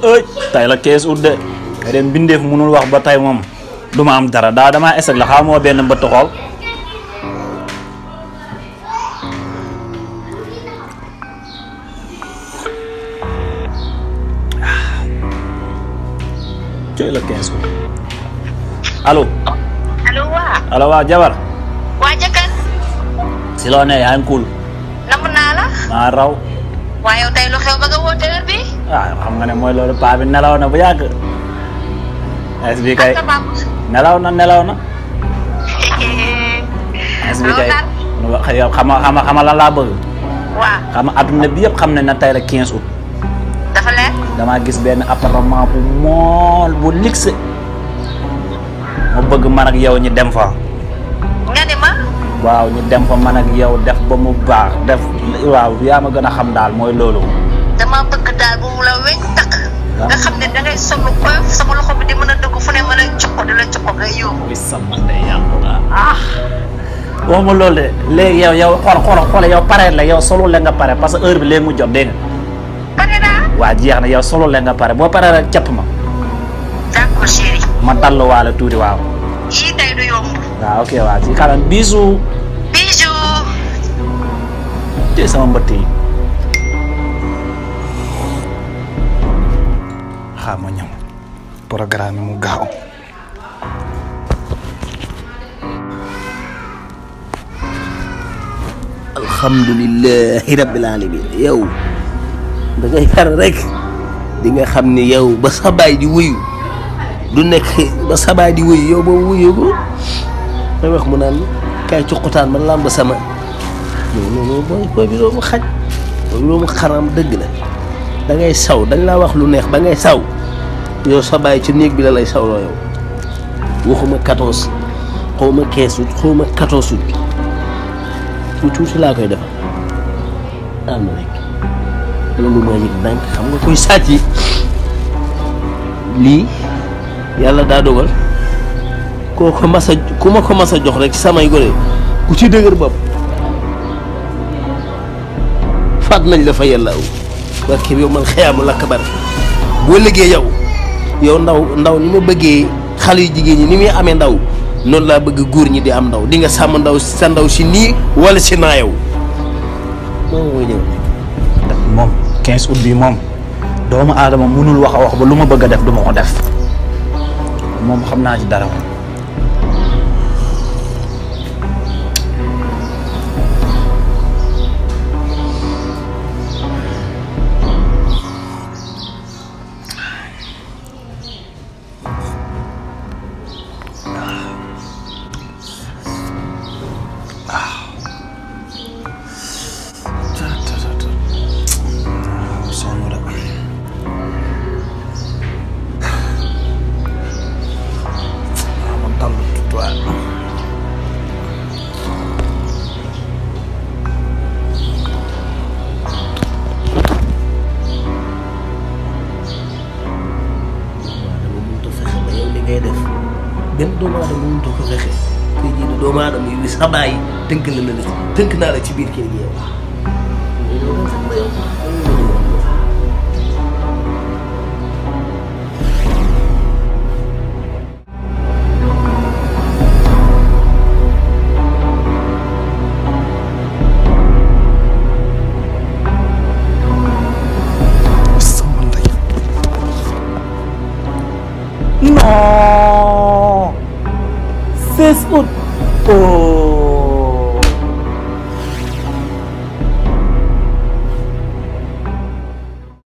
ëj tay la 15 de nga dem bindeef mënul wax ba tay moom du ma am dara daa damaa échec la xaa moo benn mbëtt xool cooy jabar waa jëkkër si loo ne yaa ngi cool maa raw waa yow tey xew ba nga woote heure bi waa ah, xam nga ne mooy loolu paa nelaw na bu yàgg. est bi nelaw na nelaw na. est bi kay yow xam nga xam lan laa bëgg. xam adduna bi yëpp xam nañ ne tey la 15 août. dafa leer. damaa gis benn appartement bu mool bu luxe. ma bëgg man ak yow ñu dem fa. nga waaw ñu dem fa man ak yow def ba mu baax def waaw yaa ma gën a xam daal mooy loolu. dama bëgg daal bu mu la weñ takk nga xam ne dangay sonn bi di mën a fu ne mën a di la cokko nga yóbbu. li ah. ah. de léegi yow yow xool xool xool yow la yow solo la pare parce que heure bi léegi mu jot dégg nga. pare naa. waa jeex na yow solo la pare boo paree rek capp ma. d'accord ma dallu waale tuuti waaw. yii tey du yomb. waaw ok waaw ci kanam bisou. bisou. tey sama mbëtt Mountakha ma ñëw mu gaaw. alhamdulilahi rabbil alamin yow da ngay rek di nga xam ni yow ba sa di wuyu du nekk ba sa di wuyu yow boobu wuyu ko may wax mu naan kaay cuqutaan man làmb sama loolu booy booy bi doo xaj booy bi doo xaram dëgg la da saw dañ laa wax lu neex ba ngay saw yow sa bàyyi ci néeg bi la lay sawloo yow waxuma quatorze xaw ma quinze ut xaw ma laa koy defal am rek xam nga koy sàcc yi lii yàlla daa dogal koo ko mas a ku ma ko mas a jox rek samay gone ku ci dëgër bopp faat nañ dafa fa yàlla aw barke yow man xëyaamu lakk bare boo liggéey yow yow ndaw ndaw ni ma bëggee xale yu jigéen ñi ni muy amee ndaw noonu laa bëgg góor ñi di am ndaw di nga sàmm ndaw sa ndaw si nii wala si naayow moom mooy ñëw. moom 15 moom doomu aadama munul wax a wax ba lu ma bëgg a def du ma ko def moom xam naa ci dara. benn doomu aadama mënutoo ko fexe doomu aadama yi sa bàyyi la la ci biir kër gi yow. 16 août au